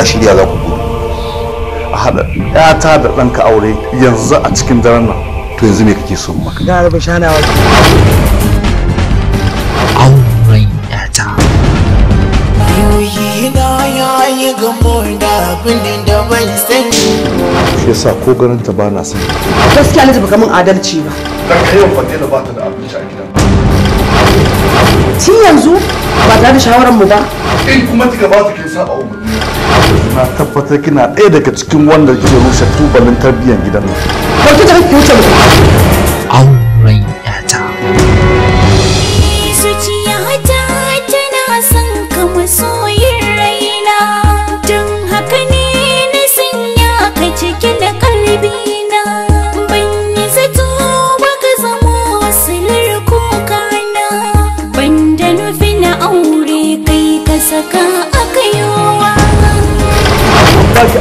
ka shirya za ku gudu a haɗa ƴata da ɗanka aure yanzu a cikin daren nan to yanzu me kake so maka da rabin shanawa auren ƴata ya shi yasa ko ganin ta ba na sani gaskiya na baka min adalci ba dan kai yau fadila ba ta da abinci a gidan tun yanzu ba za da shawaran mu ba in eh, kuma kika ba ta sa saba umma na tabbatar kina ɗaya daga cikin wanda ke rushe tubalin tarbiyyar gidan nan. Ba ki da hakkin wuce mutum.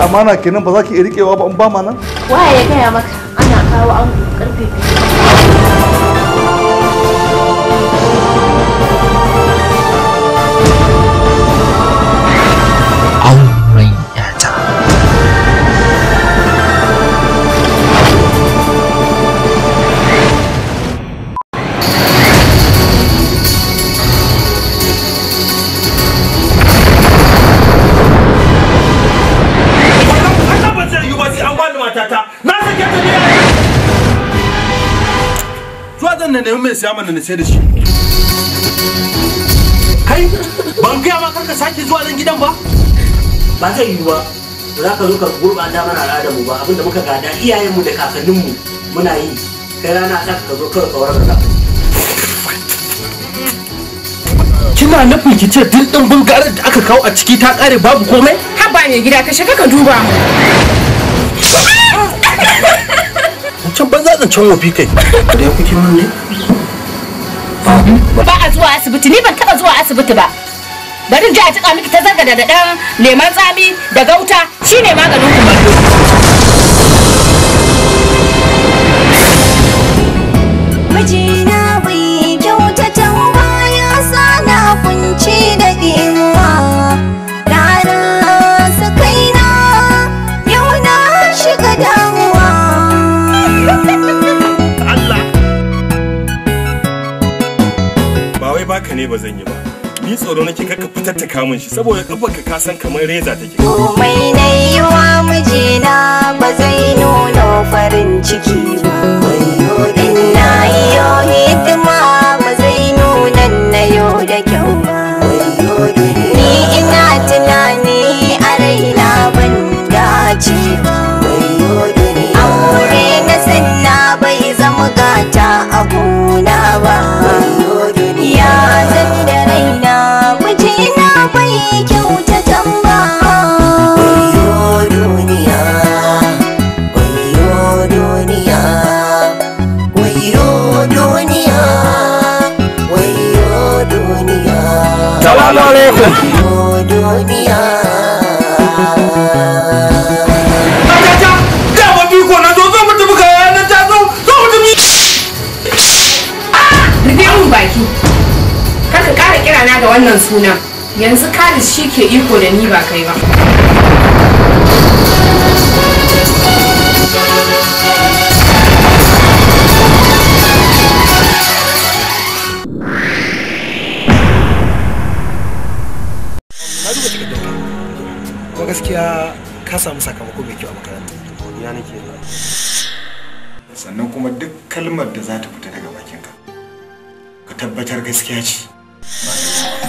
amana kenan ba za ki iya riƙewa ba in ba ma nan? Waye ya gaya maka ana kawo an karfe nemi mai siya mana na sai da shi kai ban gaya ma karka sake zuwa nan gidan ba ba zai yi ba za ka zo ka gurɓata mana al'adar mu ba abinda muka gada iyayenmu da kakanninmu muna yi kai rana ɗan ka zo kawai kawar da kina nufin ki ce duk ɗimbin garar da aka kawo a ciki ta ƙare babu komai haba mai gida ka shiga ka duba can banza zancen wofi kai da ya kuke mun ne ba a zuwa asibiti ni ban taba zuwa asibiti ba bari in ji a tuka miki ta zarga da dan leman tsami da gauta shine maganin kumallo ne ba zan yi ba ni tsoro nake ka fitar ta kamun shi saboda kafarka ka san kamar reza take komai na yi wa mijina ba zai nuna farin ciki ba wayo din na yo hidima suna yanzu kalis shi ke iko da ni ba kai ba gaskiya ka samu sakamako mai kyau a makaranta godiya nake sannan kuma duk kalmar da za ta fita daga bakinka ka tabbatar gaskiya ce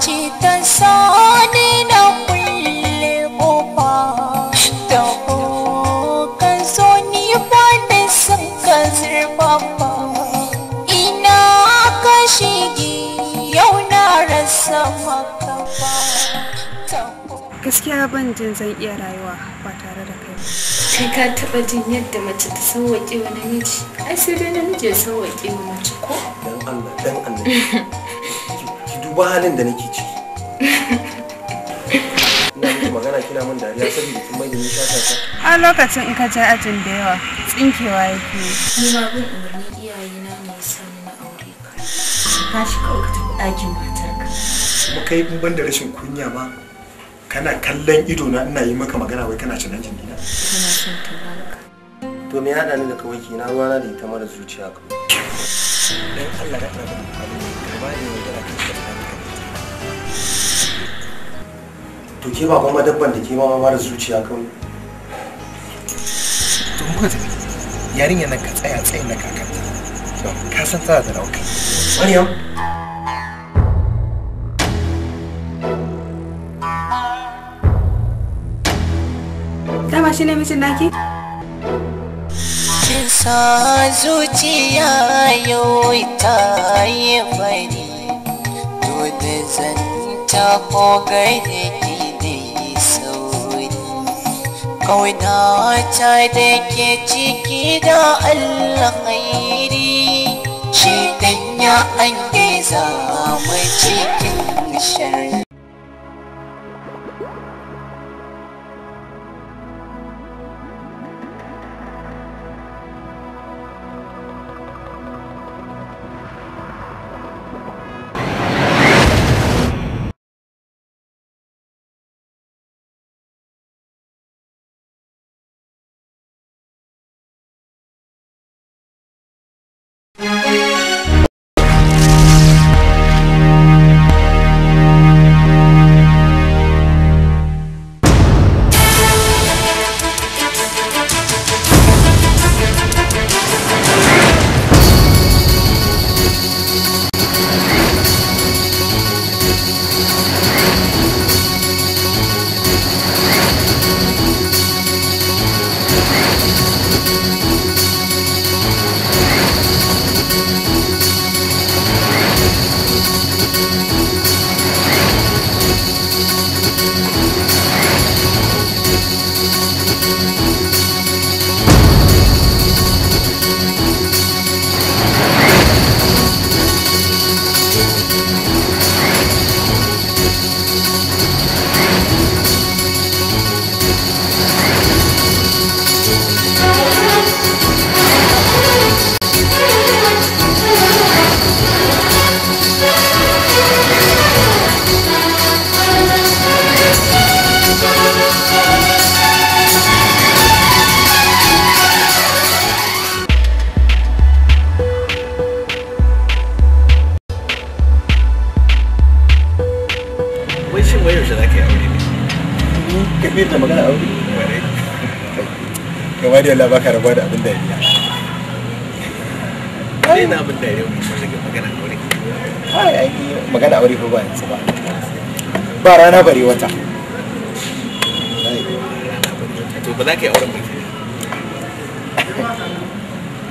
ce ta sani na kulle kofa ta kan so ni wanda sun ka zurfafa ina ka shige yau na rasa maka gaskiya ban jin zan iya rayuwa ba tare da kai sai ka taba jin yadda mace ta sauwaƙe wa namiji ai sai dai namiji ya sauwaƙe wa mace ko dan Allah dan Allah duba halin da nake ciki ina miki magana kina min dariya saboda kin mai ni shata ta a lokacin in ka je ajin da yawa tsinkewa yake ni ma bin umarni iyayena mai san na aure ka ka shi ka ta ɗakin matarka kuma kai in ban da rashin kunya ma kana kallon ido na ina yi maka magana wai kana cin jini na kana son tabaraka to me ya ni da kawai ki na na da ita mara zuciya kawai dan Allah da Allah ka bani ka kan to ke ba kuma dabban da ke ma da zuciya kawai to mu tafi yarinya nan ka tsaya tsayin na kakanta ka san tana da rauka Maryam Dama shi ne mijin naki? Kin sa zuciya yau ta yi fari, da zan ta ko gare ki. ƙauna ta da ke ciki da alkhairi shi tenya angeza gaisa mai cikin rana bari wata to ba za ka yi auren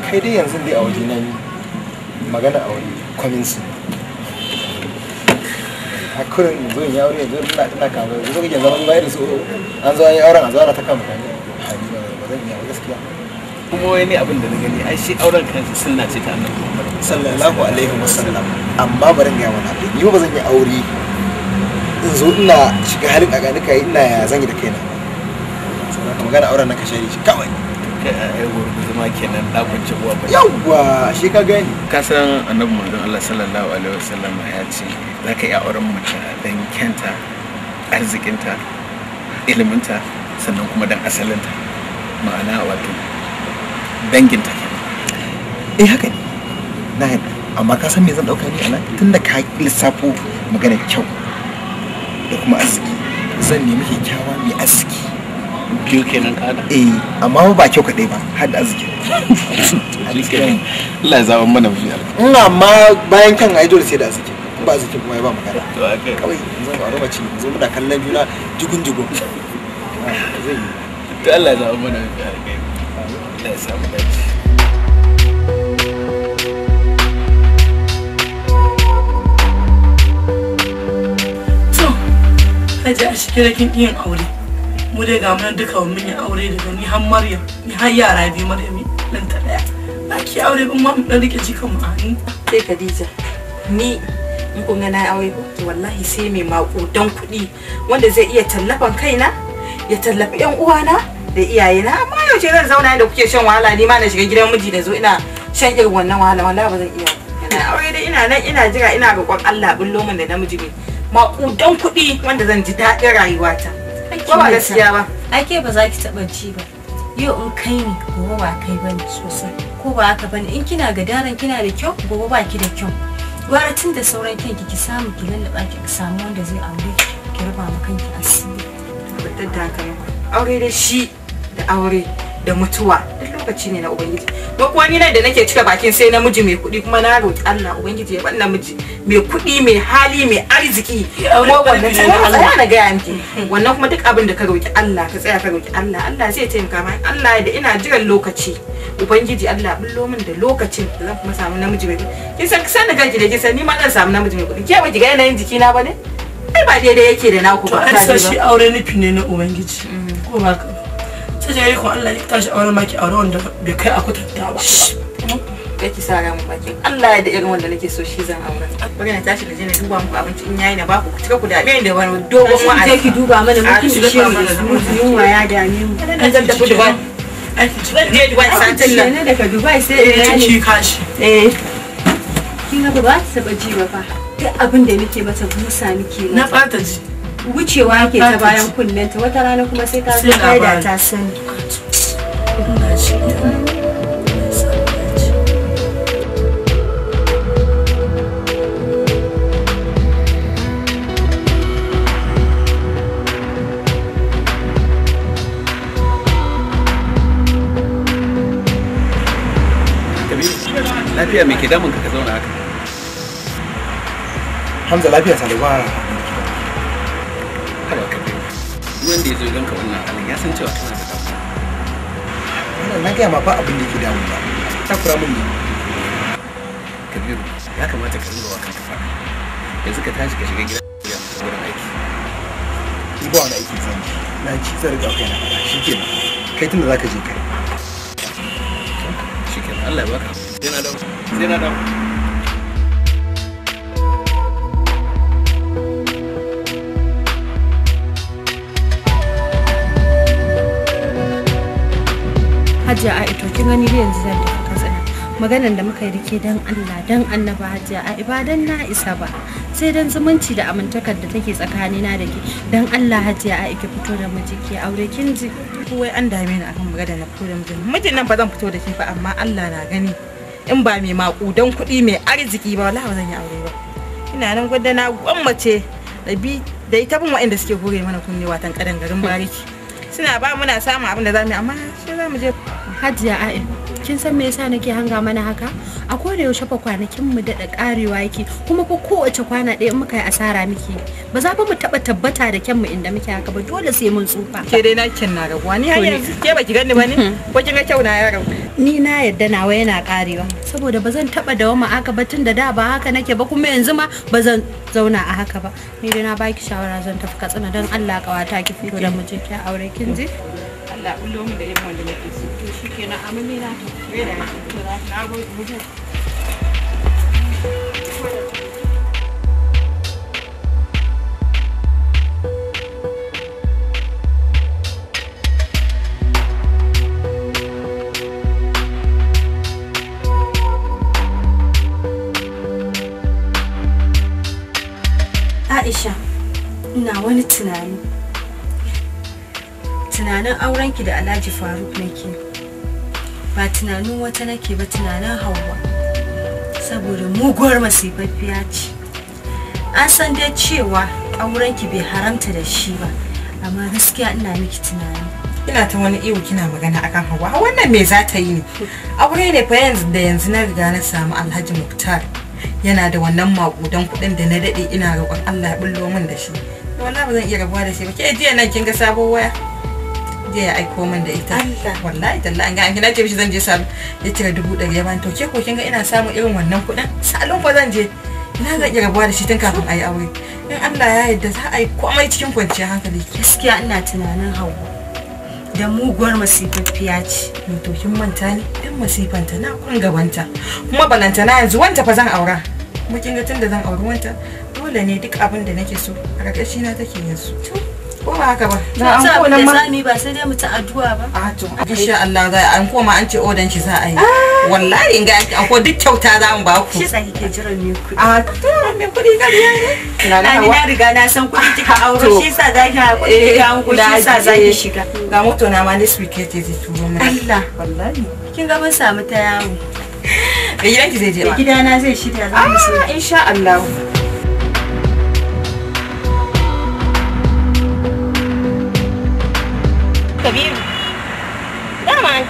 ba kai dai yanzu dai a waje na yi magana a waje kwamin su a kurin zo in yi yanzu ina tana kama yanzu zo kake zama bayar da su an zo an yi auren a zo ana ta kama kani ba zan iya gaskiya kuma wani abin da na gani ai shi auren kansa sunna ce ta annabi sallallahu alaihi wasallam amma bari ga wani abin ni ba zan yi aure zo ina shiga halin a ganuka ina ya zanyi da kaina sannan magana auren na ka shari shi kawai yawwa shi ka gani ka san annabi manzon Allah sallallahu alaihi wasallam ya ce za ka yi auren mace dan kenta, arzikinta iliminta sannan kuma dan asalinta ma'ana wato danginta eh haka ne na yadda amma ka san me zan dauka ni a nan tunda ka lissafo magana kyau da kuma aski zan nemi kyakkyawa mai aski biyu kenan kada eh amma ba kyau kadai ba har da aski Allah ya zaba mana mafi ina ma bayan kan ai dole sai da aski ba aski kuma ya ba magana kawai zan aro bace zo mu da kallon juna jigun jigun ah, zai yi Allah ya zaba mana mafi alƙa Allah ya samu dace na a cikin rakin yin aure mu dai ga mun duka mun yi aure daga ni har maryam ni har yara biyu maryam nan ta daya baki aure ba ma dan rike jikan mu a ni. sai khadija ni in kun ga na aure to wallahi sai mai makudan kuɗi wanda zai iya tallafan kaina ya tallafi yan uwana da iyayena amma yaushe zan zauna inda kuke shan wahala ni ma na shiga gidan miji da zo ina shan irin wannan wahala wallahi ba zan iya. ina aure dai ina nan ina jira ina roƙon Allah bullo min da namiji mai maƙudan kuɗi wanda zan ji daɗin rayuwata. Ba ba gaskiya ba. Ake ba za ki taɓa ji ba. Yau in kai ne gobe ba kai bane sosai. Ko ba haka bane in kina ga daren kina da kyau gobe ba ki da kyau. Gwara tun da sauran kanki ki samu ki lallaɓa ki samu wanda zai aure ki raba ma kanki asiri. Tabbatar aure da shi da aure da mutuwa duk lokaci ne na ubangiji ko kuwa ni na da nake cika bakin sai namiji mai kuɗi kuma na roƙi Allah ubangiji ya ban namiji mai kuɗi mai hali mai arziki ko wannan tsaya na ga yanki wannan kuma duk abin da ka roƙi Allah ka tsaya ka roƙi Allah Allah zai taimaka ma Allah da ina jiran lokaci ubangiji Allah bullo min da lokacin da zan kuma samu namiji mai kuɗi kin san kisan da kanki da kisan ni ma zan samu namiji mai kuɗi ke ba ki ga yanayin jikina ba ne ai ba daidai yake da naku ba to ai shi aure nufi ne na ubangiji mm. ko ba ka ta ce ko Allah ya tashi auren maki aure wanda bai kai a kwatanta ba kai sa ramin bakin Allah ya da irin wanda nake so shi zan aure bari na tashi da je na duba muku abinci in yayi na ba ku cika ku da bai da wani dogon wa'azi sai ki duba mana mutum da shi mutum yunwa ya dame mu an zanta ku Dubai ne Dubai satin nan ne daga Dubai sai ya eh, ne ki kashi eh kin ga ba ta ba fa duk abin da nake mata busa nake na fata ji wucewa ke ta bayan ta wata rana kuma sai ta zo kai da ta sani lafiya mai ke damun ka ka zauna haka hamza lafiya salibara duk da ya zo ganka wannan halin ya san cewa kana da damuwa na gaya ma ba abin da yake damu takura min ne kabiru ya kamata ka ringa wa kanka fara yanzu ka tashi ka shiga gida ya wurin aiki ni ba wani aiki zan yi na ci zan riga kai na fara shikenan kai tunda zaka je kai shikenan Allah ya baka sai na dawo sai na dawo hajiya aito kin gani dai yanzu zan tafi katsina maganan da muka yi da ke dan allah dan annaba hajiya a ibadan na isa ba sai dan zumunci da amintakar da take tsakanina da ke dan allah hajiya a ki fito da miji ke aure kin ji wai an dame ni akan magana na fito da miji mijin nan ba zan fito da ke ba amma allah na gani in ba mai makudan kuɗi mai arziki ba wallahi ba zan yi aure ba ina nan gwada na gwammace da bi da ita bin waɗanda suke gore mana kunne watan kadan garin bariki suna ba muna samun abin da za mu yi amma sai za mu je hajiya a'in kin san me yasa nake hanga mana haka a koda yaushe fa kwanakin mu da karewa yake kuma ko kowace kwana ɗaya muka yi asara muke ba za mu taɓa tabbata da kyan mu inda muke haka ba dole sai mun tsufa ke dai nakin na raguwa ni har yanzu ke baki gani ba ne ko kin ga kyau na ya ni na yadda nawa yana karewa saboda ba zan taɓa ma haka ba tun da ba haka nake ba kuma yanzu ma ba zan zauna a haka ba ni dai na baki shawara zan tafi katsina don Allah kawata ki fito da Ki aure kin ji Allah ullo mu da irin wanda nake so shi ke na amini na Aisha, ina wani tunani. Tunanin aurenki da Alhaji Faruk nake. ba tunanin wata nake ba tunanin Hauwa, saboda muguwar masifaffiya ce an san dai cewa aurenki bai haramta da shi ba amma gaskiya ina miki tunani ina ta wani iwo, kina magana akan hawa wannan me za ta yi ne aure ne fa yanzu da yanzu na riga na samu alhaji muktar yana da wannan makudan kuɗin da na daɗe ina roƙon allah ya bullo min da shi wallahi ba zan iya rabuwa da shi ba ke jiya nan kin ga sabo waya jiya ya aiko min da ita wallahi an ga an ce mishi zan je salon ya cire dubu ɗari ya bani to ke ko kin ga ina samun irin wannan kuɗin salon fa zan je na zan iya rabuwa da shi tun kafin a yi aure in Allah ya yarda za a yi komai cikin kwanciyar hankali gaskiya ina tunanin hawa da muguwar masifaffiya ce to kin manta ni din masifanta na kun gabanta kuma balanta na yanzu wanta fa zan aura kuma kin ga tun da zan auri wanta dole ne duk abin da nake so a ƙarƙashi na take yanzu ko ba haka ba da an ko nan ma sami ba sai dai mutu ta addu'a ba a to insha Allah za an koma an ce odan shi za a yi ah. wallahi in ga an ko duk kyauta za mu ba ku shi tsaki ke jiran me kuɗi a to me kuɗi ga ne na na riga na san kuɗi kika auro shi sa za ki kuɗi kika ga kuɗi shi sa za ki eh, shiga ga moto na ma this weekend zai turo mu Allah wallahi kin ga mun samu ta yawo da gidanki zai je ba gidana zai shirya za mu ah, so insha Allah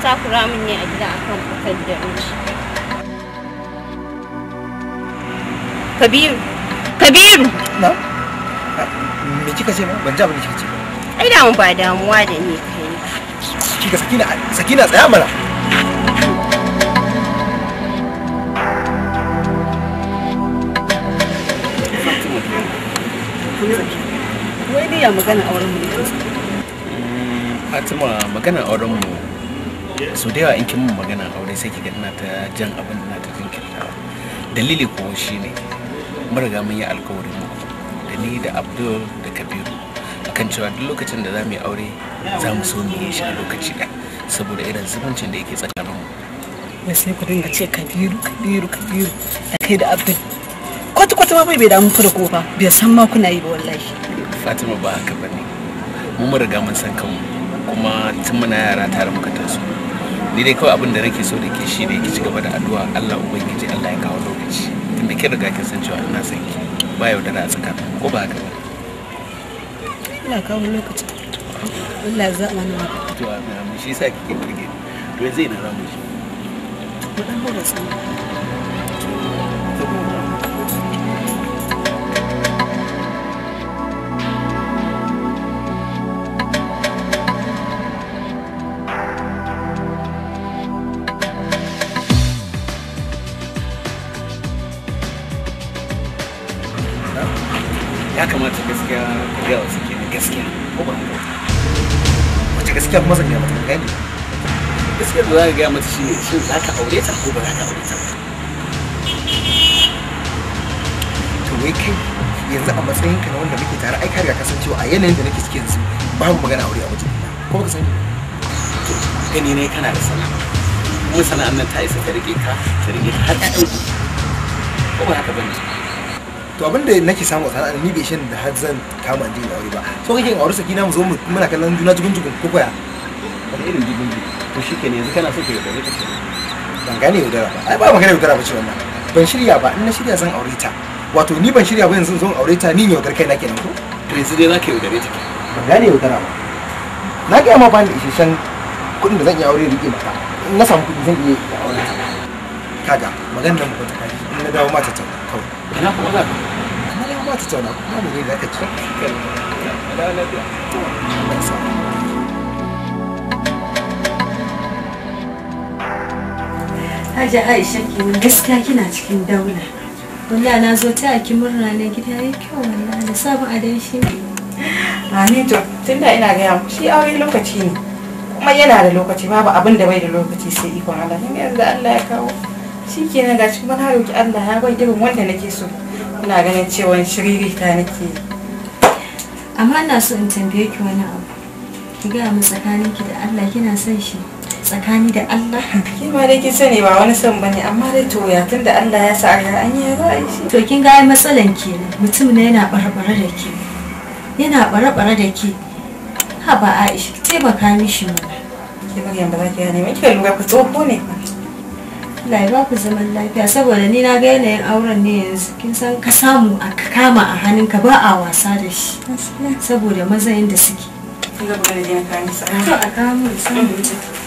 takura min ne a gida akan fitar da miji kabiru kabiru na ah, me kika ce ban ja abin kika ce ai da mun ba damuwa da ni kai kika sakina sakina tsaya mana wai dai ya magana a wurin mu mm, Fatima magana a wurin mu so da yawa in kin mun magana aure sai ki ga ina ta jan abin ina ta jinkirtawa dalili ko shine mun riga mun yi alkawarin mu da ni da Abdul da Kabiru akan cewa duk lokacin da za mu yi aure za mu so mu yi shi a lokaci ɗaya saboda irin zumuncin da yake tsakaninmu me sai ku dinga ce kabiru kabiru kabiru da kai da abdul kwata kwata ma bai damu ku da ko ba bai san ma kuna yi ba wallahi fatima ba haka bane mu mun riga mun san kanmu kuma tun muna yara tare muka taso ni dai kawai abin da nake so da ke shi ne ki ci gaba da addu'a Allah ubangiji Allah ya kawo lokaci tunda kin riga kin san cewa ina son ki ba yau da na tsaka ko ba haka ba Allah kawo lokaci Allah za mu nuna to amin shi yasa kike kirge to yanzu ina ramu shi ko dan ba to ta masa ka gani za ka gaya mata shine shin za ka aure ta ko ba za ka aure ta to wai kai yanzu a matsayin ka na wanda muke tare ai ka riga ka san cewa a yanayin da nake cikin yanzu babu magana aure a wajen ko ka sani to gani ne kana da sana'a kuma sana'an nan ta isa ta rike ka ta rike ka har ɗan ko ba haka bane to abin da nake samu a sana'a ni bai shan da har zan kama jin aure ba so kake aure saki na mu zo muna kallon juna jigun jigun ko koya wani irin dubin ji to shi ke ne yanzu kana so ka yaudare ta ban gane yaudara ba ai ba magana yaudara ba ce wannan ban shirya ba in na shirya zan aure ta wato ni ban shirya ba yanzu zan aure ta ni yaudar kaina kenan ko to yanzu dai za ka yaudare ta ban gane yaudara ba na gaya ma ba ni isasshen kuɗin da zan iya aure rike maka in na samu kuɗi zan iya aure ta kaga maganar mu ta kai in na dawo mata ta kawai ina kuma za ka na dawo mata ta na kuma mu ne da ka ci Hajiya Aisha kenan gaskiya kina cikin daula. Wanda na zo ta ki murna ne gida ya kyau wallahi da a dan shi. Amin ah, to tunda ina gaya muku shi aure lokaci ne. Kuma yana da lokaci babu abin da bai da lokaci sai ikon Allah. Kin yanzu Allah ya kawo. Shi kenan gashi kuma na ki Allah ya bai irin wanda nake so. Ina ganin cewa shiriri ta nake. Amma ina so in tambaye ki wani abu. Ki gaya mu tsakaninki da Allah kina son shi. tsakani da Allah. Ke ma dai kin sani ba wani son bane amma dai to ya tunda Allah ya sa ga an yi za a shi. To kin ga matsalan ke mutum ne yana barbara da ke. Yana barbara da ke. Ha ba Aisha ki taimaka mishi ma. Ke ba yan ba za ki gane mai kika lura ku tsoho ne. Allah ya ba ku zaman lafiya saboda ni na ga yanayin auren ne yanzu kin san ka samu a kama a hannunka ba a wasa da shi. Saboda mazayin da suke. Ina ba da ya kayan sa'a. To a kawo mu samu mm-hmm.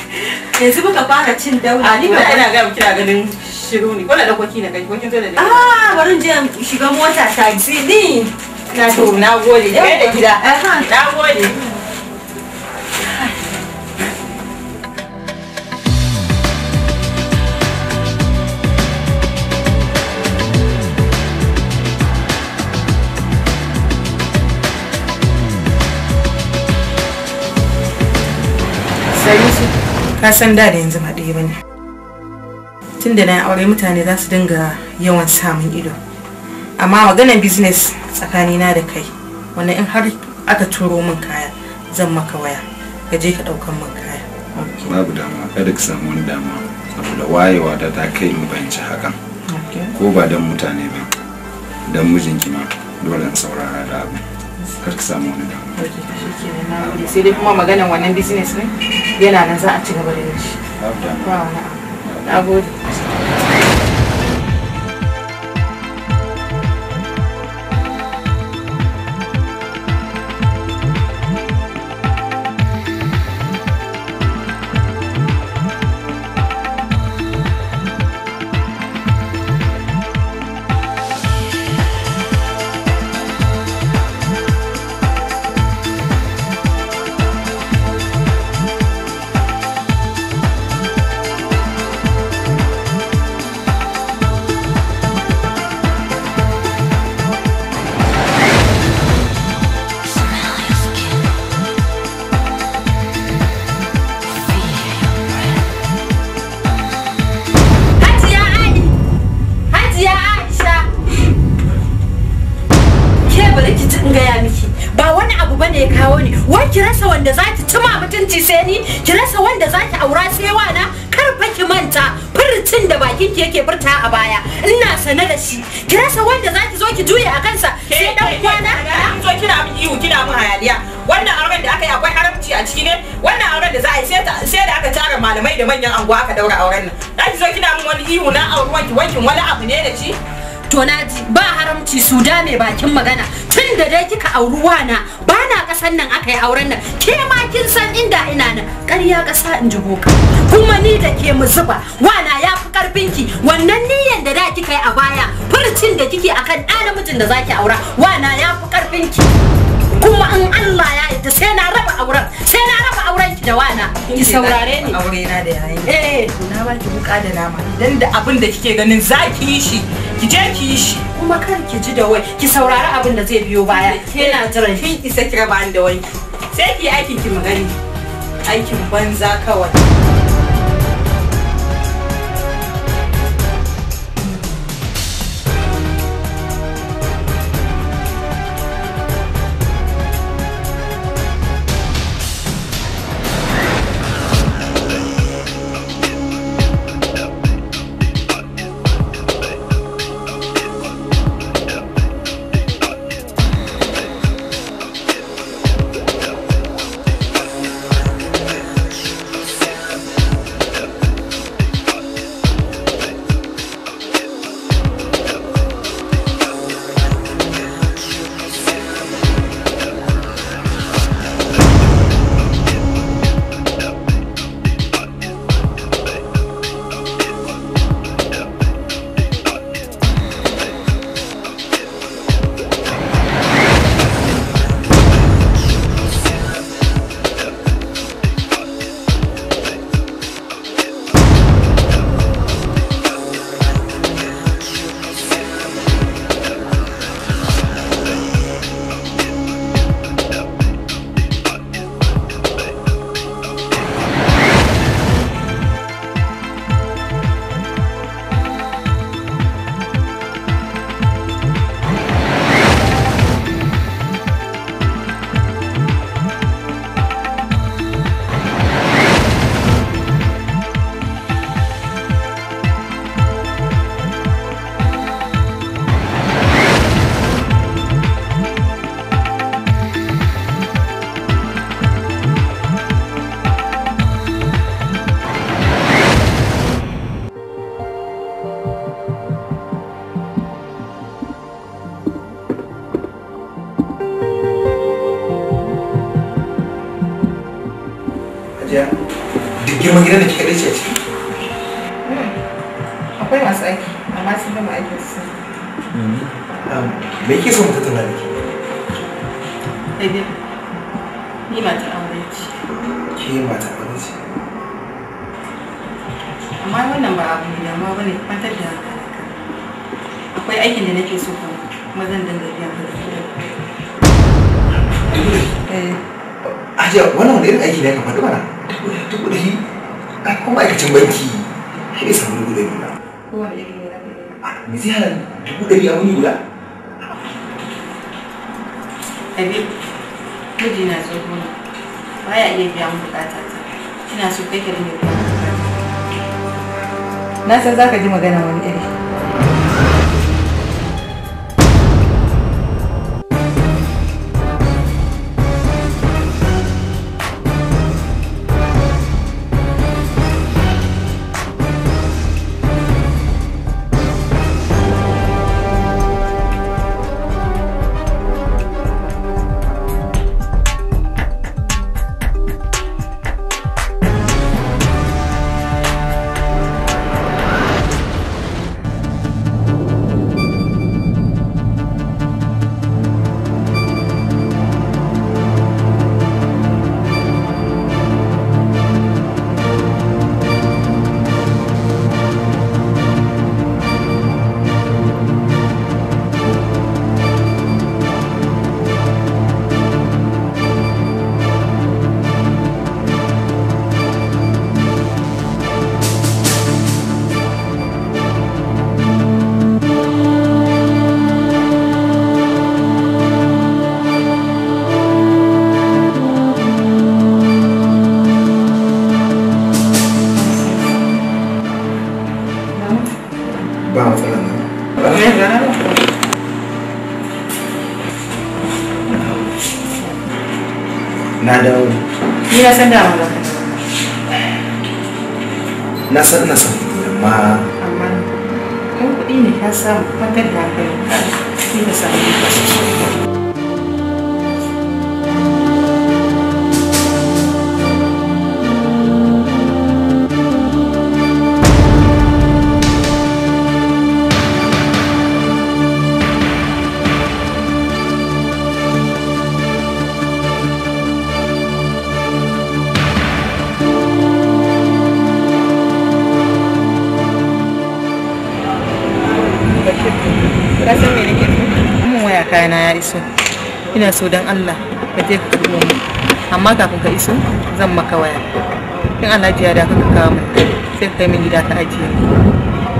yanzu muka fara cin daula ni ba ina ga kina ganin shiru ne ko da kwaki na kai ko kin zo da ah bari je shiga mota taxi ni na to na gode da gida eh, na gode ka san da da yanzu ba ne. bane tun da na aure mutane za su dinga yawan samun ido amma maganar business tsakanina da kai wannan in har aka turo min kaya zan maka waya ka je ka ɗaukan min kaya babu dama kada ka samu wani dama saboda wayewa da ta kai mu bayanci hakan ko ba don mutane ba don mijinki ma dole in saurara da abu kar ka samu wani damu sai dai kuma maganan wannan business ne yana nan za a ci gaba da yin shi na gode bakin magana tun da dai kika auri wana ba na kasan nan aka yi auren nan ke ma kin san inda ina nan ƙarya ƙasa in ji boka kuma ni da ke mu zuba wana ya fi ki? wannan niyan da da kika yi a baya furcin da kike akan ɗa namijin da zaki aura wana ya fi ki? kuma in Allah ya yarda sai na raba auren sai na raba auren ki da wana ki saurare ni aure na da yayin eh na ba ki buƙa da nama dan da abin da kike ganin zaki yi shi ki je ki yi shi kuma kar ki ji da wai ki saurari abin da zai biyo baya yana jiran shi isa kira bani da wanki. sai ki yi aikin ki magani aikin banza kawai girman gidan da kika dace a ciki hmm, akwai masu aiki amma sun gama aikin su hmm, um, me yake so mu tattauna da ke ni mata aure ce ke mata aure ce amma wannan ba abu ne amma bane kwantar da akwai aikin da nake so kuma zan dinga biya ka da kuɗi eh. Hajiya wannan wani irin aiki ne ya kamata mana? Duk da shi a ko ma'aikacin banki shi ne samu dubu ɗari ba. da zai hana dubu ɗari a guda? na iya biya bukata ta. Ina so kai ka dinga Na san za ka ji magana wani iri. iso don Allah ka je ka turo mu amma kafin ka iso zan maka waya in alhaji ya da ka kawo mu sai kai min gida ka ajiye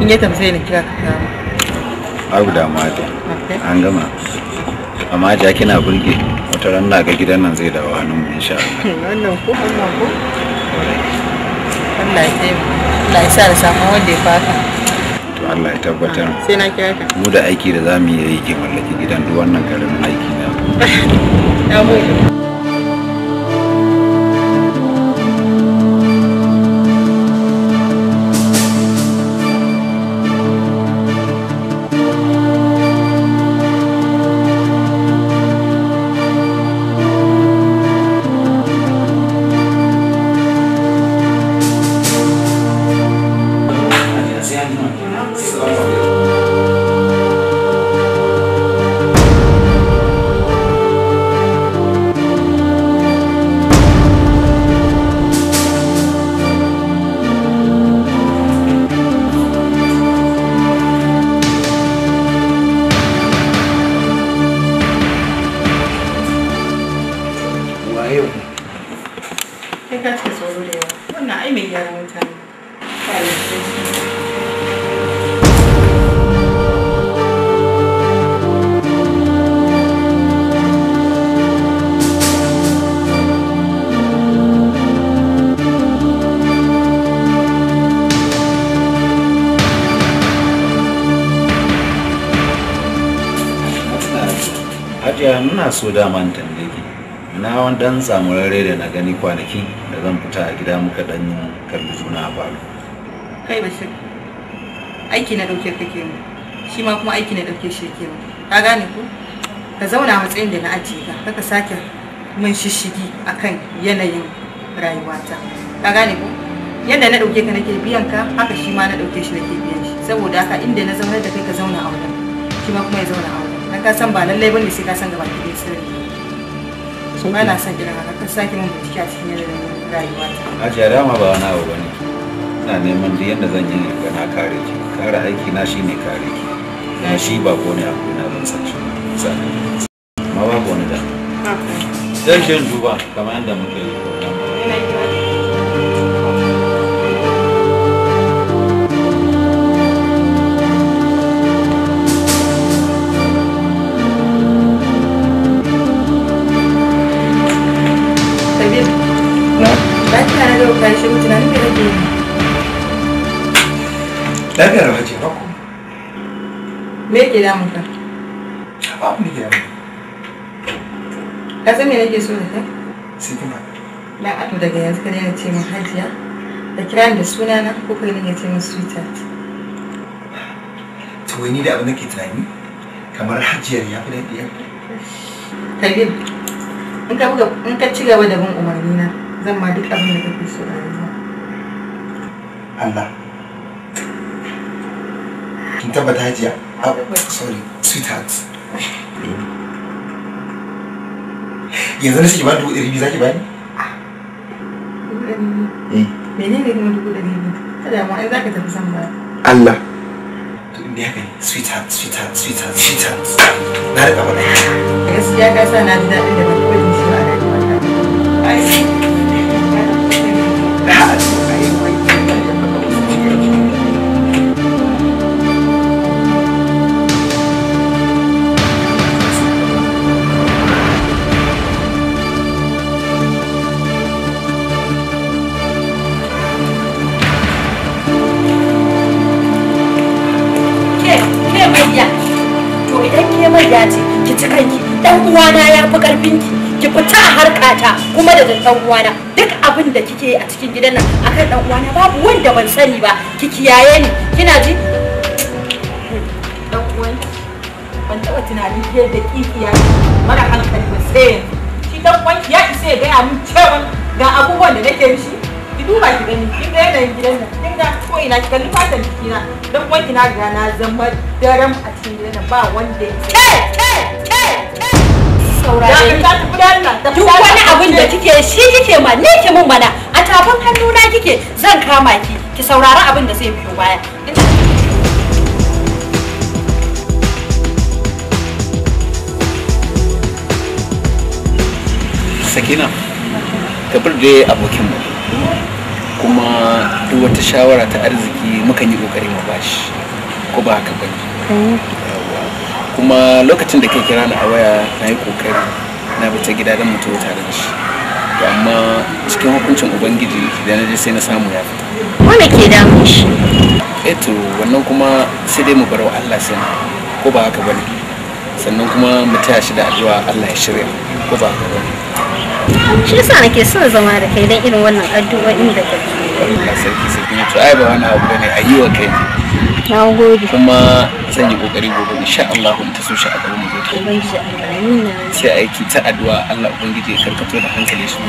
in ya tamsaye na kira ka kawo abu da mata an gama amma ja kina burge wata ranna ga gidan nan zai dawo hannun mu insha Allah wannan ko wannan ko Allah ya Allah ya sa da samu wanda ya fata Allah ya tabbatar sai na mu da aiki da zamu yi yake mallaki gidan duk wannan garin aiki na 哎，要不。so dama in tambaye na wani dan tsamurarre da na gani kwanaki da zan fita a gida muka dan karbi juna a falo kai bashir aiki na dauke kake mu shi ma kuma aiki na dauke shi yake mu ka gane ko ka zauna matsayin da na ajiye ka kaka sake mun shishigi akan yanayin rayuwata ka gane ko yadda na dauke ka nake biyan ka haka shi ma na dauke shi nake biyan shi saboda haka inda na zauna da kai ka zauna a wajen shi ma kuma ya zauna a ka san ba lallai bane sai ka gaba da ɗaya sirri ba na san irin haka ka sake mun bincike a cikin yanayin rayuwa a ajiya ma ba wani abu bane ina neman duk yadda zan yi ga na kare ki kare aiki na shine kare ki kuma shi ba ko ne abu na ban san shi amma babu wani da zan shi duba kamar yadda muke da shi tunanin me nake yi lafiyar hajji ba ku me yake damun ka na ato daga yanzu ka daina ce min hajiya da kira suna na ko kai da abin da ke tunani kamar hajiyar ya fi daɗi ya in ka ci gaba da bin umarni na, zan ma duk abin da kake so da Allah kin tabbata hajiya ah, sorry sweetheart yanzu na shi ba dubu ɗari biyu zaki bani ah, eh. Allah to in dai haka sweetheart sweetheart sweetheart sweetheart na riƙa ba gaskiya ka sa na ji daɗin da ban taɓa jin shi ba a rayuwata ai dan uwana ya fi karfin ki ki fita a harkata kuma da dan uwana duk abin da kike a cikin gidan nan akan dan uwana babu wanda ban sani ba ki kiyaye ni kina ji dan uwan ban taba tunanin kiki ya mara hankali ba sai yanzu shi dan uwan ya isa ya gaya min cewa ga abubuwan da nake mishi ki duba ki gani kin ga yanayin gidan nan kin ga ko ina ki kalli fatan kina dan uwan ki na riga na zama daram a cikin gidan nan ba wanda ya ke saurare duk wani abin da kike shi kike ma ne ki mun mana a tafin hannuna kike zan kama ki ki saurari abin da zai biyo baya sakina kabir dai abokin kuma duk wata shawara ta arziki mukan yi kokari mu bashi ko ba haka bane kuma lokacin da kai kira ni a waya na yi kokari na bi ta gida don mu tawo tare da shi to amma cikin hukuncin ubangiji da na je sai na samu ya fita wanda ke mu shi eh to wannan kuma sai dai mu bar wa Allah sai ko ba haka bane sannan kuma mu taya shi da addu'a Allah ya shirya ko ba haka bane shi yasa nake son zama da kai dan irin wannan addu'o'in da kake Allah sarki sai to ai ba wani abu bane ayyuka yi kai kuma zan yi kokari gobe insha Allah in ta so shi a gaban mu zai sai aiki ta addu'a Allah ubangiji ya karkato da hankali su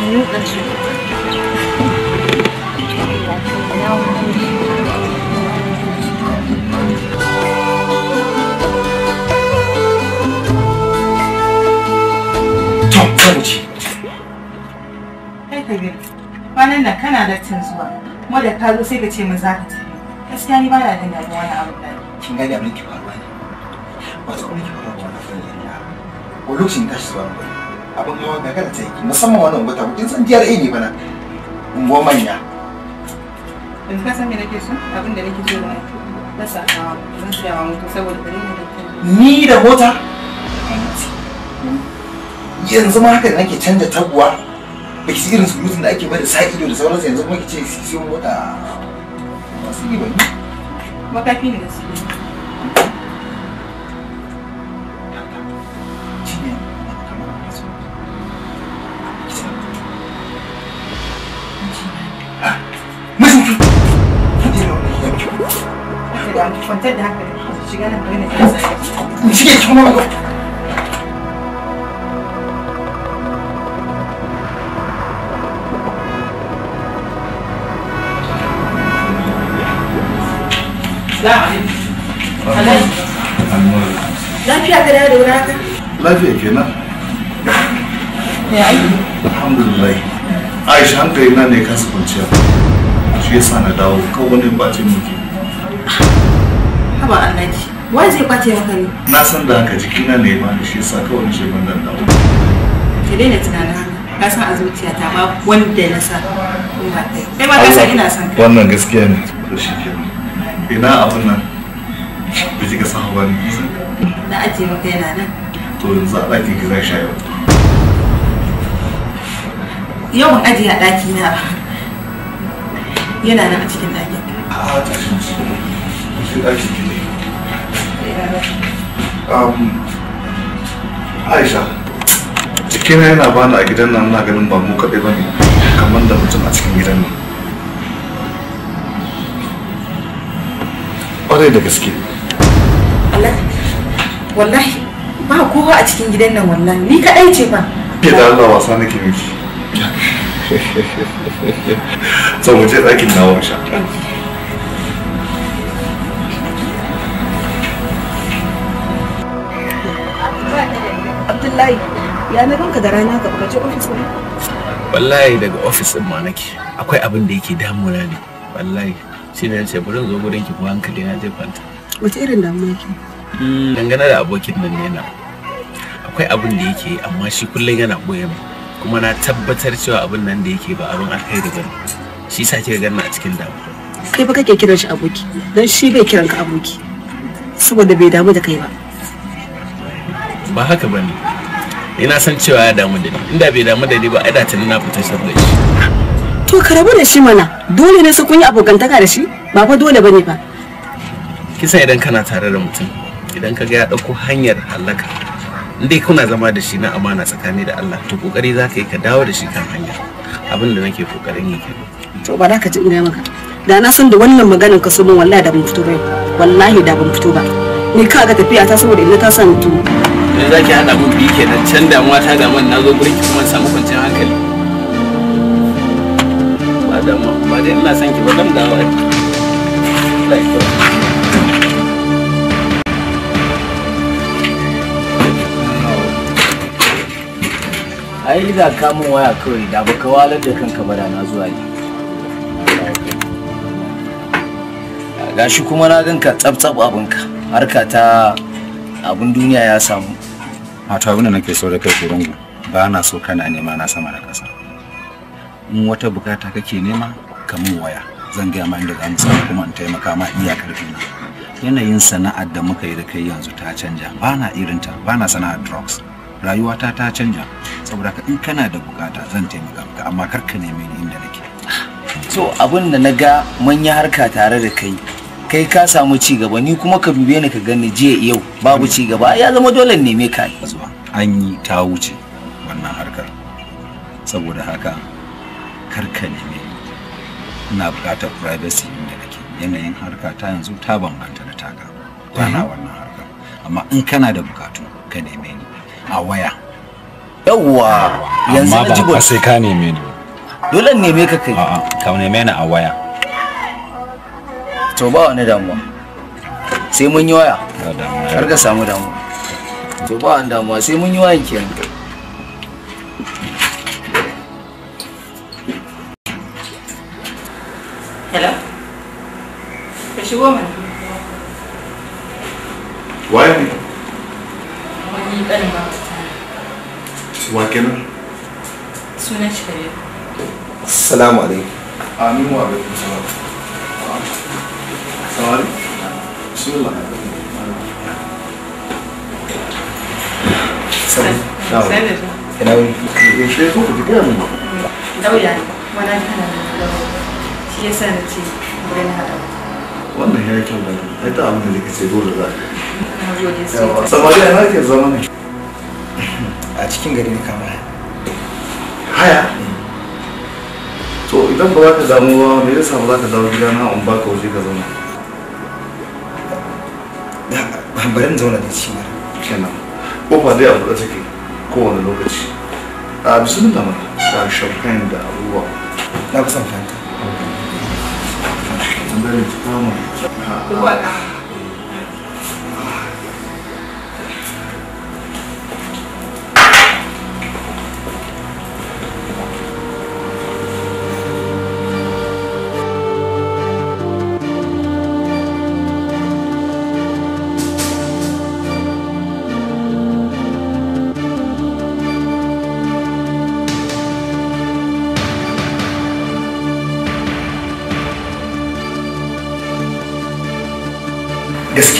Kwanan nan kana da tun zuwa, mu da ka zo sai ka ce mu za ka tafi. gaskiya ni ba na jin daɗin wani abu da kin gani abin ki faruwa ne ba su kuma ki faruwa ba na san yadda ko lokacin tashi zuwa mu abin hawa gagara ta ki musamman wani wannan ta mutum san DRA ne bana unguwa manya yanzu ka san me nake so abin da nake so ne na sakawa na siya wa mutu saboda dalilin da ni da mota yanzu ma haka nake canja taguwa bai irin surutun da ake bada sa ido da sauransu yanzu kuma ki ce siyo mota asiri ba ne makafi ne lafiya ka dawo da wuri lafiya kenan alhamdulillah aisha hankali na ne kasu kwanciya shi ya sa na dawo kan wani bacin muke haba annaji Wani zai kwace maka ne na san da haka na ne ba shi sa kawai shi ban dan dawo ki daina tunanin haka ka san a zuciyata ba wanda na sa kai ma ka san ina san wannan gaskiya ne to shi kenan ina abin nan da kika sa hawa ne kusa na ajiye maka yana nan to yanzu a ɗakin ki zai shayar yawan ajiye a ɗaki na yana nan a cikin ɗakin a ɗakin ki ɗakin ki ne Aisha, jikina yana bani a gidan nan na ganin ba mu kaɗai ba ne kamar da mutum a cikin gidan nan. kwarai da gaske wallahi ba kowa a cikin gidan nan wallahi ni kadai ce fa ke da Allah wasa nake miki so mu je ɗakin nawa sha Abdullahi ya na ranka da rana ka baka je ofis ne wallahi daga ofis din ma nake akwai abin da yake damuna ne wallahi sai na ce zan zo gurin ki ko hankali na zai kwanta wace irin damuwa ke hmm, dangane da abokin nan ne na akwai abin da yake amma shi kullum yana boye mu kuma na tabbatar cewa abin nan da yake ba abin alkhairi ba shi sa kika ganna a cikin damuwa kai ba kake kiran shi aboki dan shi bai kiran ka aboki saboda bai damu da kai ba ba haka bane ina san cewa ya damu da ni inda bai damu da ni ba ai da tunan na fita saboda shi to ka rabu da shi mana dole ne su kun yi abokantaka da shi ba fa dole bane fa kisa idan kana tare da mutum idan ka ga ya dauko hanyar halaka dai kuna zama da shi na amana tsakani da Allah to kokari za ka yi ka dawo da shi kan hanya abin da nake kokarin yi to ba za ka ji ina maka da na san da wannan maganar ka so mun wallahi da ban fito ba wallahi da ban fito ba ni ka ga tafiya ta saboda ina ta sa mutum zaki hada mu bi kenan can damuwa ta ga na zo gurin kuma samu kwanci ai da kamun waya kawai da baka walar da kanka ba da na zuwa yi gashi kuma na ganka tsabtsab abinka harka ta abin duniya ya samu wato abin da nake so da kai kurungu ba na so kana nema na sama da kasa in wata bukata kake nema ka waya zan gaya ma inda za kuma in taimaka ma iya karfi na yanayin sana'ar da muka yi da kai yanzu ta canja ba na irinta ba na sana'ar drugs rayuwata ta canja saboda ka in kana da bukata zan taimaka maka amma kar ka neme ni inda nake so abin da na ga mun harka tare da kai kai ka samu ci gaba ni kuma ka dube ni ka gani jiya yau babu ci gaba ya zama dole neme ka an yi ta wuce wannan harkar saboda haka kar ka neme ina buƙatar privacy da nake yanayin harka ta yanzu ta bambanta da taka bana eh. wannan harka amma in kana da bukatu ka neme ni a waya yawwa yanzu na ji ba sai ka neme ni dole neme ka kai ka neme ni a waya to ba wani damuwa sai mun yi waya har ka samu damuwa to ba wani damuwa sai mun yi wayan kenan goma waye ne wani ɗan ba wa kenan sunan shi assalamu alaikum amin wa alaikum salam sawari bismillah sai da ina wani eh, shi ko ku gaya Ina dauya wani kana da shi Ina na ce bari na hada wannan ya yi kyau da ya ta abin da zai kace dole za ka samariya na ke zama ne a cikin gari ne kama haya to idan ba za ka damu ba me yasa ba za ka dawo gida na in baka waje ka zauna bari in zauna da shi mara kenan kofa dai a buɗe take kowane lokaci a bisu da mara da champagne da abubuwa na kusan fanta 不管。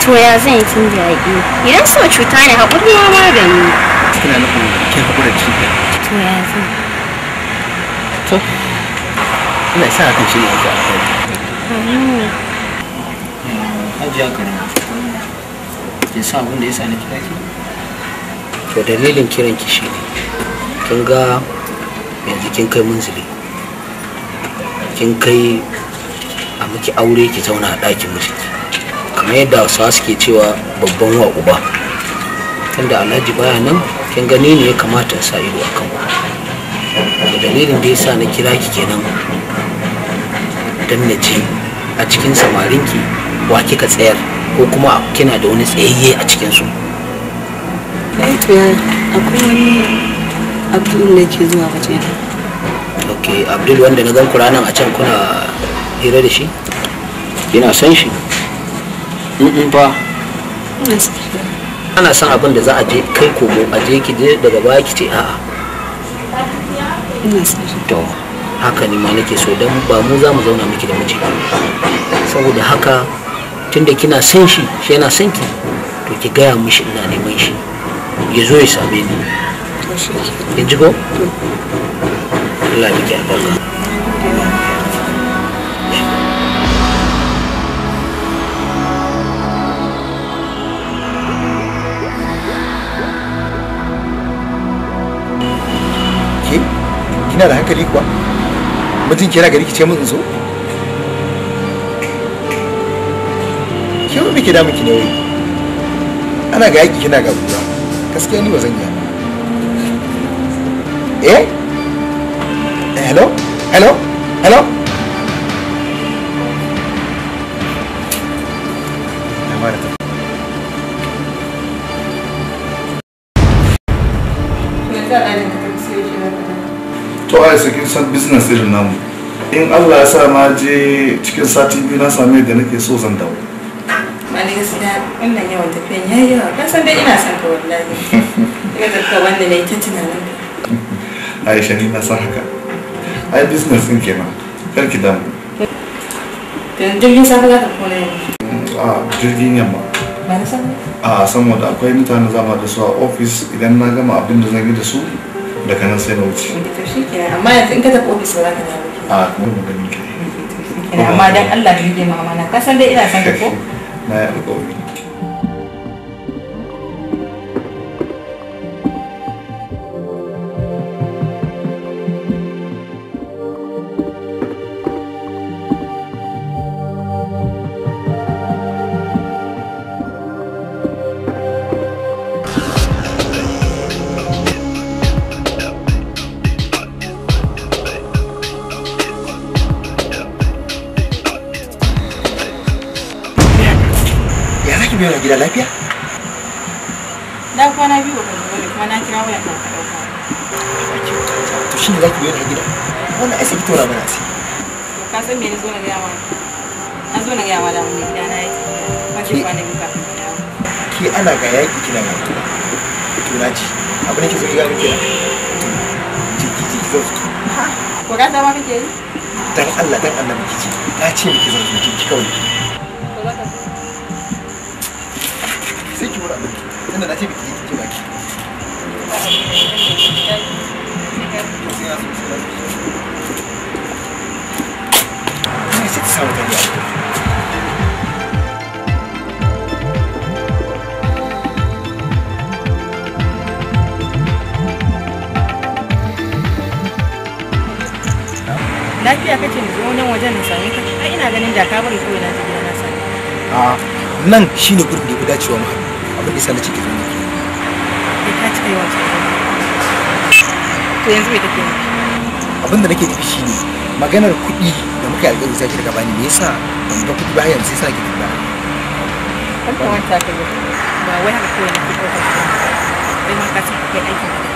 to ya zan yi tun da idan so cuta ne haƙuri ma magani kina nufin kin haƙura da shi to ya zan to ina sa kan shi ne a ajiya Karima, kin sa abin da ya sa na kira ki? To dalilin kiran ki shi ne, kin ga yanzu kin kai munzili, kin kai a miki aure ki zauna a ɗakin mijinki. kamar yadda wasu suke cewa babban wa uba tunda alhaji baya nan kin gani ne ya kamata sa ido a kan da dalilin da ya sa na kira ki kenan don na ce a cikin samarinki wa kika tsayar ko kuma kina da wani tsayayye a cikinsu eh akwai wani abdul ke zuwa ne. ok abdul wanda na gan kuranan a can kuna hira da shi kina san shi in ana san abin da za a je kai kogo a je ki je daga baya ki ce a'a to haka ne ma nake so don ba mu za mu zauna miki da miji saboda haka tunda kina san shi shi yana san ki to ki gaya mishi ina neman shi ya zo ya same ni ya ko Allah ya ina da hankali kuwa mutum ke gari ki ce mun zo kiyo biki da miki ne wai ana ga yaki kina ga kura gaskiya ni bazan zan yi eh? eh hello hello hello kawai su kin san business irin namu in Allah ya sa ma je cikin sati biyu na same da nake so zan dawo wani gaskiya wannan yawan tafiyan yayi yawa kan san dai ina son ka wallahi ina tafiya wanda ne yi ta tunanin Aisha ni na san haka ai business din kenan kar ki damu dan jirgin safe za ka kone a jirgin yamma ba na san a da akwai mutane zama da su a ofis idan na gama abin da zan yi da su daga nan sai na wuce amma yanzu in ka ofis ba za ka dawo a kuma amma dan Allah ne dai mama na kasan dai ina ka ko na yi alƙawari gida lafiya? Da kwana biyu ba kuma na kira wayan nan ka To shi ne biyo na gida? Wannan ai sai ki tura mana sai. Ka san me na zo na gaya ma? Na zo na gaya ma da mai gida na yake. Ba shi kwana biyu kafin Ki ana ga yaƙi kina ga tura. Tura ji. Abin da so ki zo Ko ga ma yi? Dan Allah dan Allah miki ce zo kawai. tunda na ce biki yi kike baki lafiya kake da wani wajen na sami ka ina ganin da ka bari ko ina ta na a ah, nan shine dacewa mu abin isa na ciki zama abin da nake tafi shi ne maganar kuɗi da muka yi alƙawari zaki daga bani me yasa ban ga kuɗi ba yanzu sai sa ki ba ba wai haka kawai kuɗi ba ma ka kai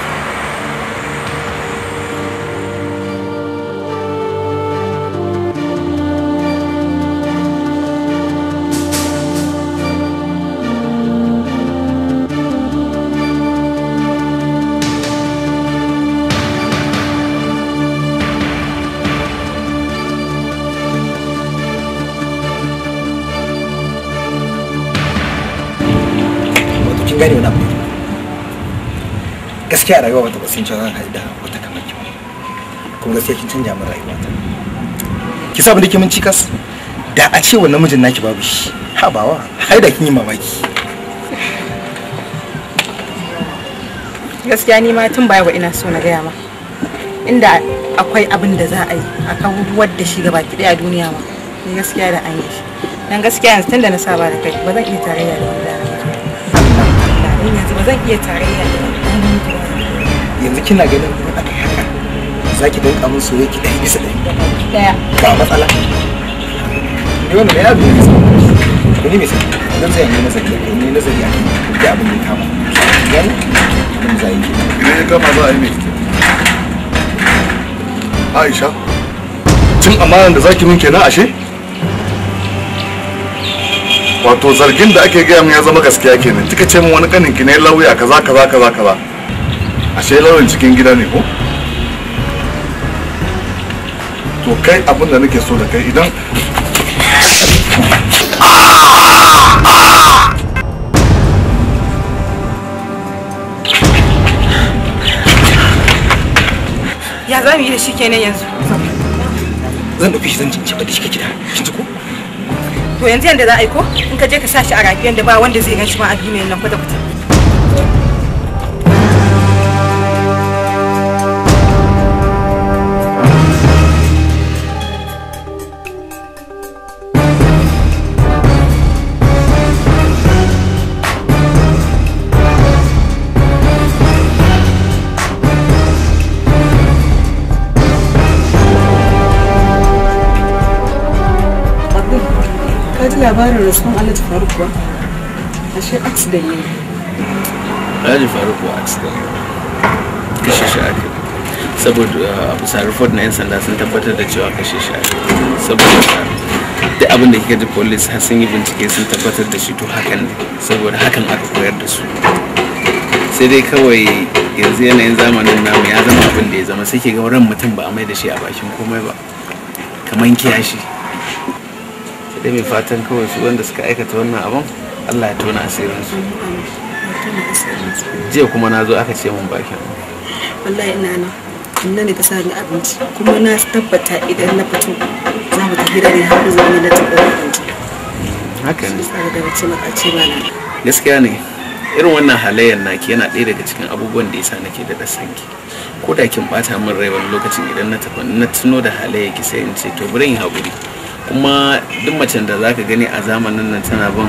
gani wani abu gaskiya rayuwa wata ba sun cewa zan wata kamar ki kuma gaskiya kin canja min rayuwa ta ki sa da mun cikas da a ce wannan mijin naki babu shi ha bawa ai da kin yi mamaki gaskiya ni ma tun baya wa ina so na gaya ma inda akwai abin da za a yi a kan da shi gaba ki daya duniya ma ni gaskiya da an yi shi dan gaskiya yanzu tunda na saba da kai ba zan iya tarayya da wanda yanzu ba zan iya tarayya yanzu kina ganin kuma aka haka za ki dinka min soyayya ki ɗaya bisa ɗaya ba matsala ne wannan ya zuwa bisa ku ne bisa zan tsaya ne nazari a ni na nazari a kai da abin da ya kama yan zan zai ki ne ya kama za a yi mai Aisha cin amanan da zaki min kenan ashe wato zargin da ake gaya min ya zama gaskiya kenan kika ce min wani kanin ki ne lauya kaza kaza kaza kaza ashe lauyan cikin gida ne ko to kai abin da nake so da kai idan ya za mu yi da shi kenan yanzu zan ɗauki shi zan cin da shi ka gida kin ji ko to yanzu yanda za a yi ko in ka je ka sa shi a rafi yanda ba wanda zai gan shi ma a duniyar nan kwata-kwata labarin rasuwan alhaji faruk ba ashe accident ne alhaji faruk ba accident kashe shi ake saboda uh, a bisa report na 'yan sanda sun tabbatar da cewa kashe shi ake saboda uh, duk abin da kika ji police har sun yi bincike sun tabbatar da shi to hakan ne saboda hakan aka koyar da su sai dai kawai yanzu yanayin zamanin namu ya zama abin da ya zama sai ke ga wurin mutum ba a mai da shi a bakin komai ba kamar kiyashi sai mai fatan kawai su wanda suka aikata wannan abin allah ya tona su jiya kuma na zo aka ce mun bakin wallahi ina nan inna ne ta sa ni abinci kuma na tabbata idan na fito za mu ta da ne har zuwa ne na tabbata abinci haka ne gaskiya ne irin wannan halayyar naki yana ɗaya daga cikin abubuwan da yasa nake da ɗasan ki ko da kin bata min rai wani lokacin idan na tafi na tuno da halayyar ki sai in ce to bari in haƙuri kuma duk macen da zaka gani a zamanin nan tana bin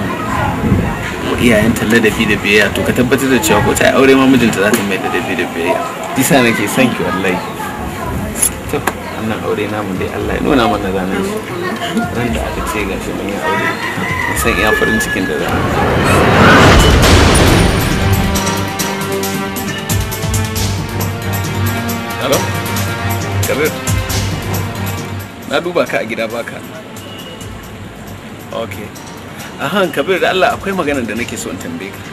iyayenta ladabi da biyayya to ka tabbatar da cewa ko ta aure ma mijinta za ta mai ladabi da biyayya isa nake son ki wallahi to wannan aure namu dai Allah ya nuna mana ranar shi ran da aka ce gashi mun yi aure san iya farin cikin da za Hello? Kabir? na duba ka a gida baka ok ahan kabir da allah akwai maganar da nake so in tambaye ka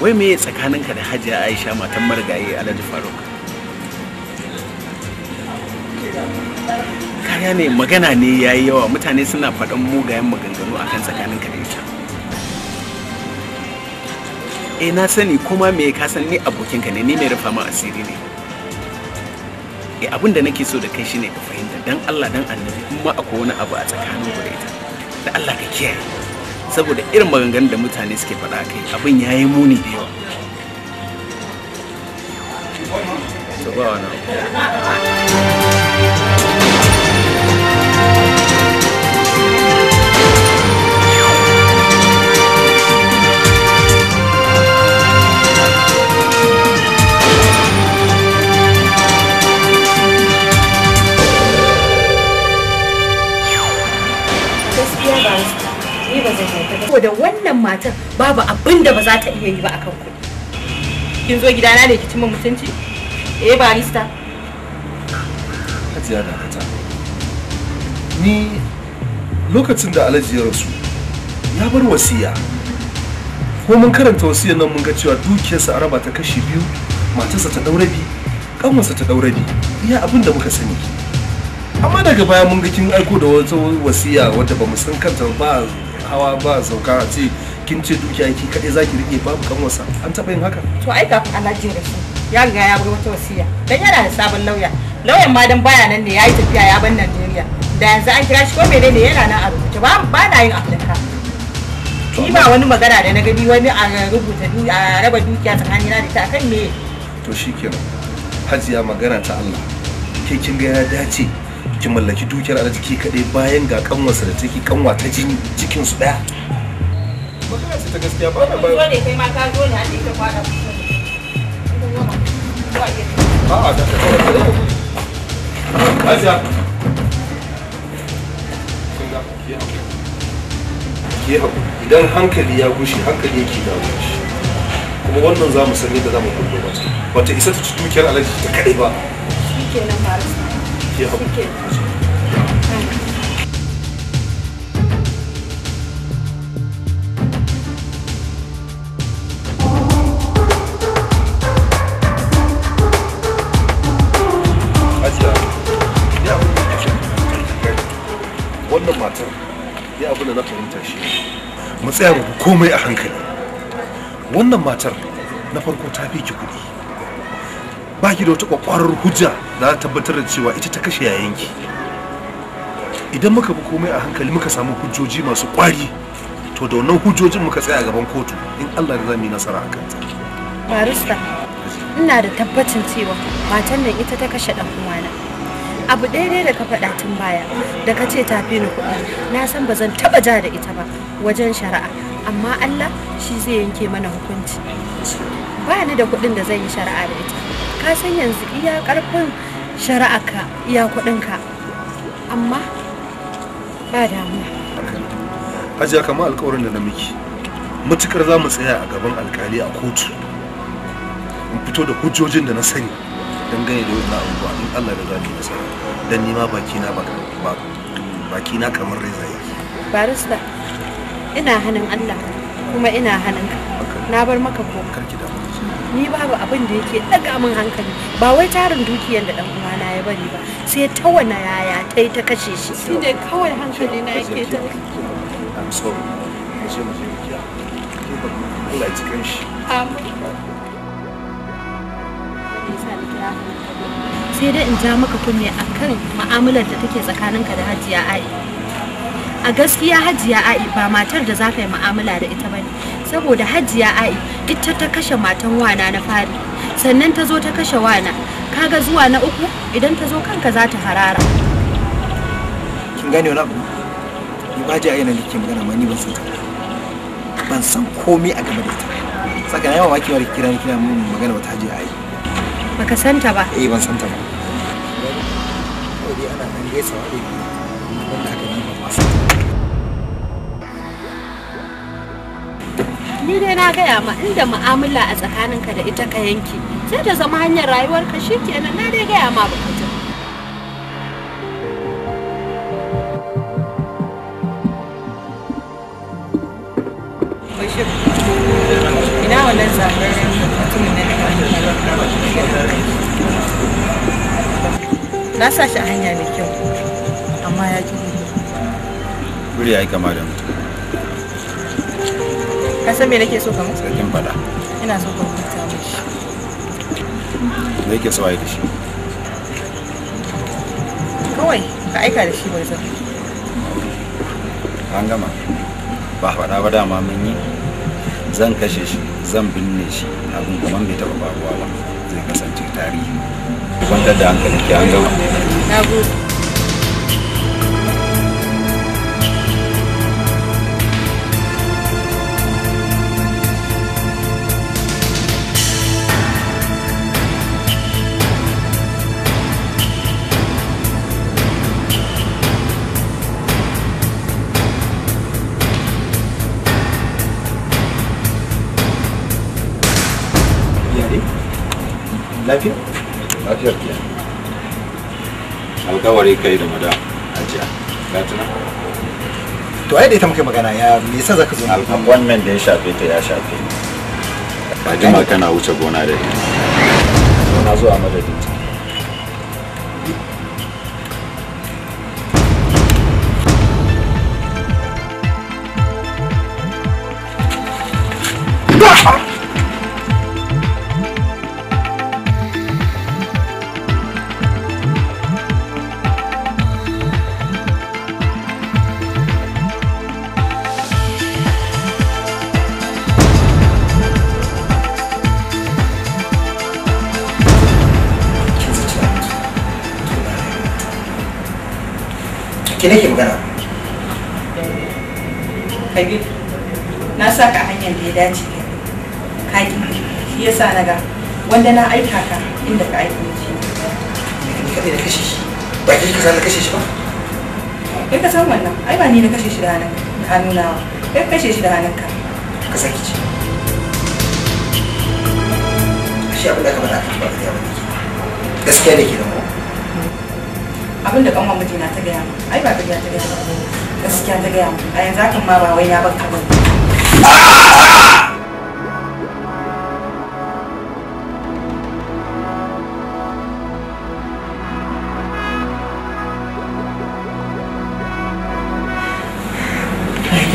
wai me tsakaninka da hajiya aisha matan marigayi alhaji faruk kaya ne magana ne ya yi yawa mutane suna faɗan mugayen maganganu akan tsakaninka da ita eh na sani kuma me ka san ni abokinka ne ni mai rufa ma asiri ne eh abin da nake so da kai shine ka fahimta dan Allah dan annabi kuma akwai wani abu a tsakanin ku da ita da Allah ka kiyaye saboda irin maganganun da mutane suke faɗa kai abin yayi muni da yawa to ba wannan matar babu abin da ba za ta iya yi ba akan kuɗi kin zo gidana ne ki cimma mutunci eh barista hajiya da hata ni lokacin da alhaji ya rasu ya bar wasiya ko mun karanta wasiyar nan mun ga cewa dukiyarsa a raba ta kashi biyu matarsa ta daure bi kanwarsa ta daure bi iya abin da muka sani amma daga baya mun ga kin aiko da wata wasiya wadda ba mu san kanta ba hawa ba sauka a ce kin ce dukiya ki kaɗai za ki riƙe babu kanwarsa an taɓa yin haka. to ai kafin alhaji da shi ya ga ya bar wata wasiya dan yana da sabon lauya lauyan ma dan baya nan ne ya yi tafiya ya bar najeriya da yanzu an kira shi ko mene ne yana nan a rubuce ba ba na yin afirka. ni ba wani magana da na gani wani a rubuta a raba dukiya tsakanina da ta akan me. to shikenan hajiya magana ta Allah ke kin ga ya dace ki mallaki dukiyar arziki kaɗai bayan ga kanwarsa da take kanwa ta jini cikin su ɗaya gaskiya ba na idan hankali ya gushe hankali yake dawo shi kuma wannan za mu san yadda za mu kullo ba ta isa ta ci dukiyar alaji ta kadai ba shikenan ba ki hakuri tsaya ku komai a hankali wannan matar na farko ta fi ki kuɗi ba ki da wata kwakwarar hujja da tabbatar da cewa ita ta kashe yayanki idan muka bi komai a hankali muka samu hujjoji masu kwari to da wannan hujjojin muka tsaya gaban kotu in Allah da za mu yi nasara a kanta barista ina da tabbacin cewa matan nan ita ta kashe dan uwana abu ɗaya da ka faɗa tun baya da ka ce ta fi ni kuɗi na san ba zan taɓa ja da ita ba wajen shari'a amma Allah shi zai yanke mana hukunci ba ni da kuɗin da zan yi shari'a da ita ka san yanzu iya ƙarfin shari'a ka iya kuɗin ka amma ba damuwa hajiya kama alƙawarin da na miki matukar za mu tsaya a gaban alkali a kotu in fito da hujjojin da na sani dangane da wannan abubuwa in Allah da za mu nasara dan nima baki na baka baki na kamar reza yake barista ina hannun Allah kuma ina hannun ka na bar maka ko ni babu abin da yake daga min hankali ba wai tarin dukiyar da dan na ya bari ba sai ta wani yaya ta yi ta kashe shi shi ne kawai hankali na yake ta I'm sorry. Allah ya cikin shi. Amin. sai dai in ja maka kunne akan mu'amalar da take tsakaninka da hajiya ai a gaskiya hajiya a'i ba matar da za ka yi mu'amala da ita ba ne saboda hajiya a'i ita ta kashe matan wana na fari sannan ta zo ta kashe wana kaga zuwa na uku idan ta zo kanka za ta harara kin gane wani abu ni ba ji ayyana da ke magana ma ni ban san ta ban san komai a game da ita saka na yawa maki wani kira kira mun magana wata hajiya a'i baka san ta ba eh ban san ta ba ana nan gaisawa ne ni dai na gaya ma inda mu'amala a tsakaninka da ita ka yanke sai ta zama hanyar rayuwarka nan na dai gaya ma ba ina wannan da na sa shi a hanya mai kyau amma ya ji gudu. Guri ya yi kama da mu. kasan san me nake so ka mutu kin bada ina so ka huta mishi me yake so ai da shi kawai ka aika da shi barzan an gama ba faɗa ba dama mun yi zan kashe shi zan binne shi abin kamar bai taɓa faruwa ba zai kasance tarihi wanda da hankali ki an gama na gode lafiya lafiyar ke alkawari kai da madam ajiya ga tuna to ai da ita muka magana ya me yasa zaka zo alkan wannan da ya shafe ta ya shafe ka jima kana wuce gona da ita na zuwa madadin ta ki nake magana kabir eh, na saka hanyar da ya dace ka ki shi yasa na ga wanda na aika ka inda ka aika shi ni kadai da kashe shi ba ki ka san kashe shi ba kai ka san wannan ai ba ni na kashe shi da hannun ka nuna wa kai kashe shi da hannun ka ka saki ce shi abin da ka bada ka ba ka gaskiya ne ke da mu abin da kan mamajina ta gaya mu ai ba ta gaya ta gaya gaskiya ta gaya a yanzu hakan ma ba wai na bar ka bane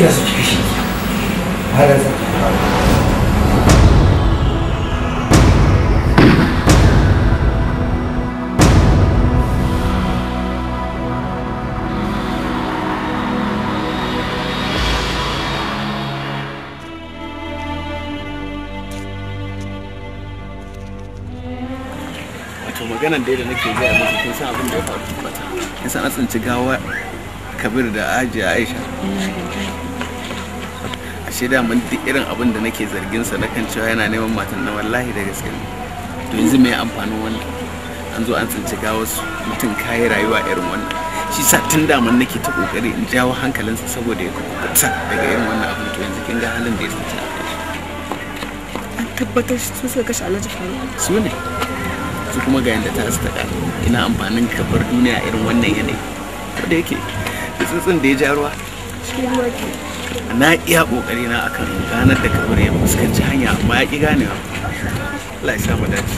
su cikin shi, ke gaya musu kun san abin da ya faru ba in san tsinci gawa kabir da a aisha a da mun duk irin abin da nake zargin sa kan cewa yana neman matan na wallahi da gaske to yanzu me amfanin wannan an zo an tsinci gawa su mutum kayi rayuwa irin wannan shi sa tun da mun nake ta kokari in jawo hankalinsa saboda ya kubuta daga irin wannan abin to yanzu kin ga halin da ya tsinci an tabbatar su suka kashe alhaji faru su ne su kuma ga yadda ta su ina amfanin kafar duniya irin wannan yanayi ko da yake da ya ja ruwa na iya kokari na akan ganar da kafar ya fuskanci hanya amma ya ki ganewa Allah ya sa mu dace